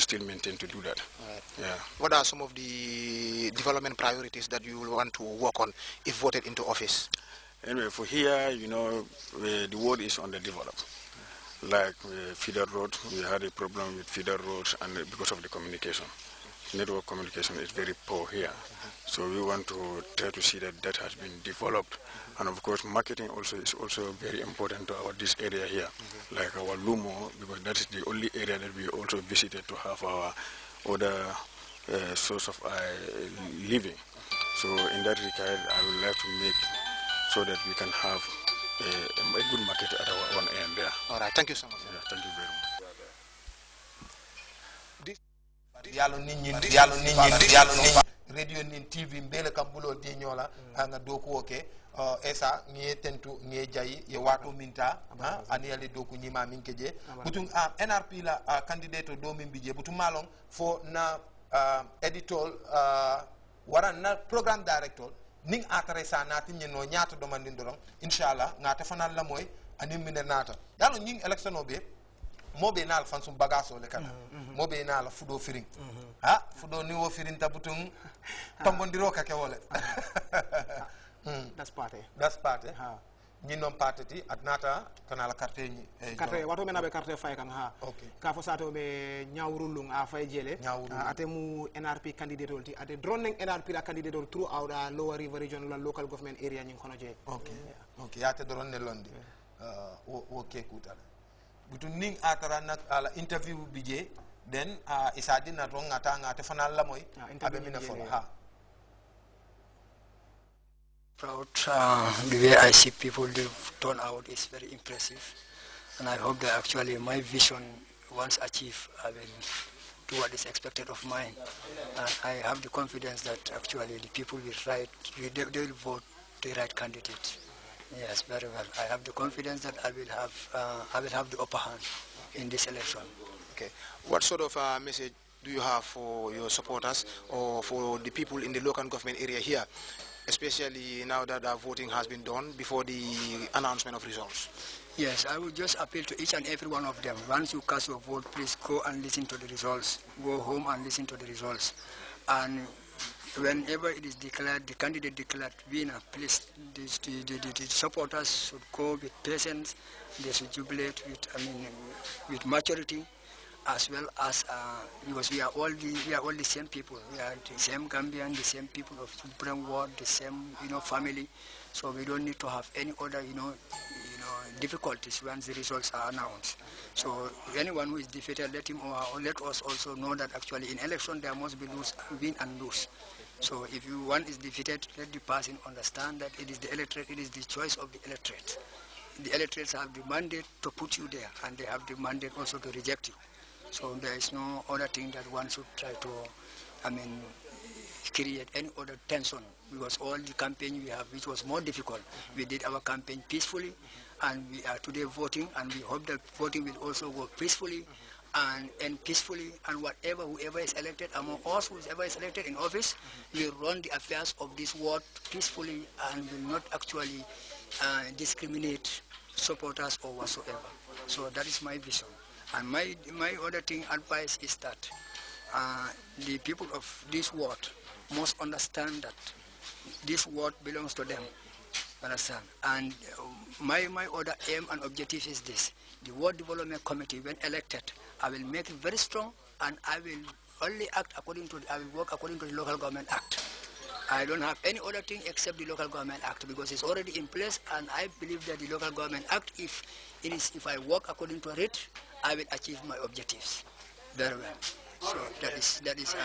we still maintain to do that. Right. Yeah. What are some of the development priorities that you will want to work on if voted into office? Anyway, for here, you know, uh, the world is underdeveloped. Like uh, feeder road, we had a problem with feeder road and uh, because of the communication network communication is very poor here. So we want to try to see that that has been developed. And of course, marketing also is also very important to our this area here, like our Lumo, because that is the only area that we also visited to have our other uh, source of uh, living. So in that regard, I would like to make so that we can have a, uh, a good market at our own end there. All right, thank you so much. Yeah, thank you very much. yaalo nit ñi ndi yaalo nit ñi ndi yaalo nit ñi radio nin tv mbele kam bulo diñola hanga mm. doku oke uh, esa ngiye tentu jayi ye wato minta ha ah, ani yali doku nyima min keje ah, butung uh, ah, nrp la uh, candidate do min bije butung malong fo na uh, editor uh, waran na programme director ning ataresa natin nyeno nyato domandindorong inshallah ngata fanal la moy ani mine nata yalo nying election obe moɓe naala fan sum bagage ole kana moɓe naala fuɗo firin ha fuɗo niwo firinta butun tombodiro kake wole ɗas pate ɗas pate ñin noon patati ad naata kanala carte ñi carte eh, wato men aɓe carte fay kan ha ka fo sate oɓe ñawrullung a fay jeele ah, ate mu nrp candidate ti ade dron neng nrp a candidate ol trou awɗa lowa river region la local government area ñin kono jee yaate dron ne londi ah, wo kekutala gutunning atara na ala interview bije then uh, isadi na ron ngata ngata fana la moy ah, abe mina folo ha proud uh, the way I see people live turn out is very impressive and I hope that actually my vision once achieved I will do what is expected of mine and I have the confidence that actually the people will write they will vote the right candidate Yes, very well. I have the confidence that I will have, uh, I will have the upper hand in this election. Okay. What sort of uh, message do you have for your supporters or for the people in the local government area here, especially now that the voting has been done before the announcement of results? Yes, I would just appeal to each and every one of them. Once you cast your vote, please go and listen to the results. Go home and listen to the results. And whenever it is declared, the candidate declared winner, please, the, the, the, the, supporters should go with patience, they should jubilate with, I mean, with maturity, as well as, uh, because we are, all the, we are all the same people. We are the same Gambian, the same people of different world, the same, you know, family. So we don't need to have any other, you know, you know, difficulties once the results are announced. So anyone who is defeated, let him or let us also know that actually in election there must be lose, win and lose. So if you one is defeated, let the person understand that it is the electorate, it is the choice of the electorate. The electorates have the mandate to put you there, and they have the mandate also to reject you. So there is no other thing that one should try to, I mean, create any other tension because all the campaign we have, which was more difficult, we did our campaign peacefully, and we are today voting, and we hope that voting will also go peacefully and, and peacefully and whatever, whoever is elected among us, whoever is elected in office, mm-hmm. will run the affairs of this world peacefully and will not actually uh, discriminate supporters or whatsoever. So that is my vision. And my, my other thing, advice is that uh, the people of this world must understand that this world belongs to them. Understand? And uh, my, my order aim and objective is this. The World Development Committee, when elected, I will make it very strong and I will only act according to, I will work according to the Local Government Act. I don't have any other thing except the Local Government Act because it's already in place and I believe that the Local Government Act, if, it is, if I work according to it, I will achieve my objectives very well. So that is that is uh,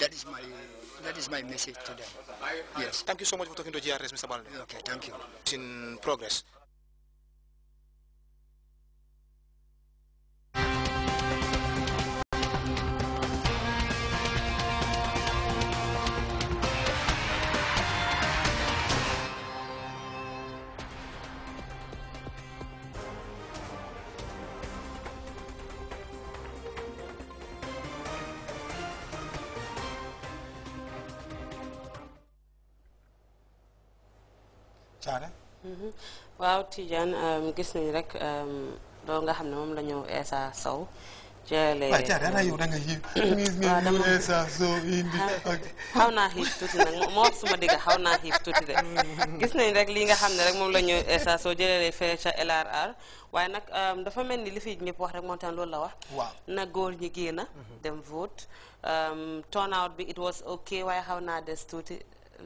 that is my that is my message to them. Yes. Thank you so much for talking to GRS, Mr. Balde. Okay, thank you. It's in progress. waaw Tidiane um, gis nañ rek um, loolu nga xam ne moom la ñëw Essa Sow jëlee waaw Thiarène yow da xaw naa xiif tuuti nag naa tuuti de. gis nañ rek lii nga xam ne rek moom la ñu saa soo jëlee fee ca LRR waaye nag um, dafa mel ni li fi ñëpp wax rek moom tam loolu la wax. waaw na góor ñi génn. Mhm. dem vote turnout bi it was ok waaye xaw naa des tuuti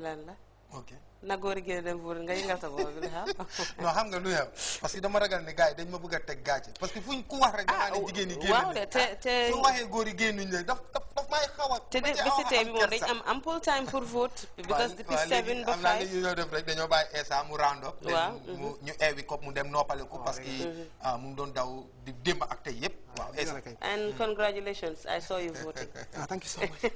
lan la. ok nagóor gi dem buur nga yëngal sa bopp bi xam. non xam nga lu yow parce que dama ragal ne gars yi dañ ma bëgg a teg gàcce parce que fuñ ku wax rek. ah waaw de te jigéen ñi génn ñu su waxee góor yi génnuñ la daf daf te député bi moom dañ am ample time pour vote. because depuis seven ba five am naa def rek dañoo bàyyi ESA mu round up. waaw mu mhm. ñu eewi ko mu dem noppale ko parce que mhm. ah, mu ngi doon daw di démb ak tey yëpp. waaw and mm. congratulations I saw you voting. ah thank you so much.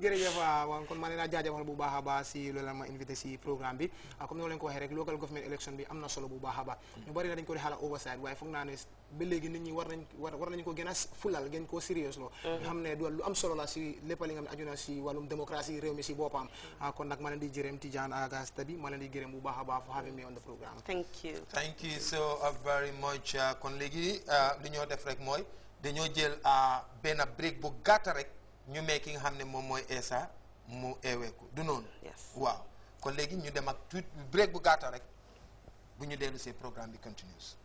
jërëjëf ah, waaw kon maa ngi leen di jaajëfal bu baax a baax si loolu la ma invité si programme bi ah, comme ni ma leen ko waxee rek local government election bi am na solo bu baax a baax. Mm. ñu bari na dañ ko di xalaat oversight waaye foog naa ne ba légui nit ñi war nañ war nañ ko gëna fulal gën ko sérieux lo mm-hmm. nga xamné ne lu am solo la si lépp li nga xam aduna ci na si démocratie réew mi si boppam mm-hmm. ah, kon nak ma leen di jërëm Tijaan Agasta bi ma leen di gërëm bu baaxa baax for having me on the program thank you thank you so very much ah, kon légui ah, li ñoo def rek moy dañoo jël benn break bu gata rek ñu mee nga xamné ne moy esa Essa mu eeweeku du non waaw kon légui ñu dem ak break bu gata rek bu ñu déllu see programme bi continues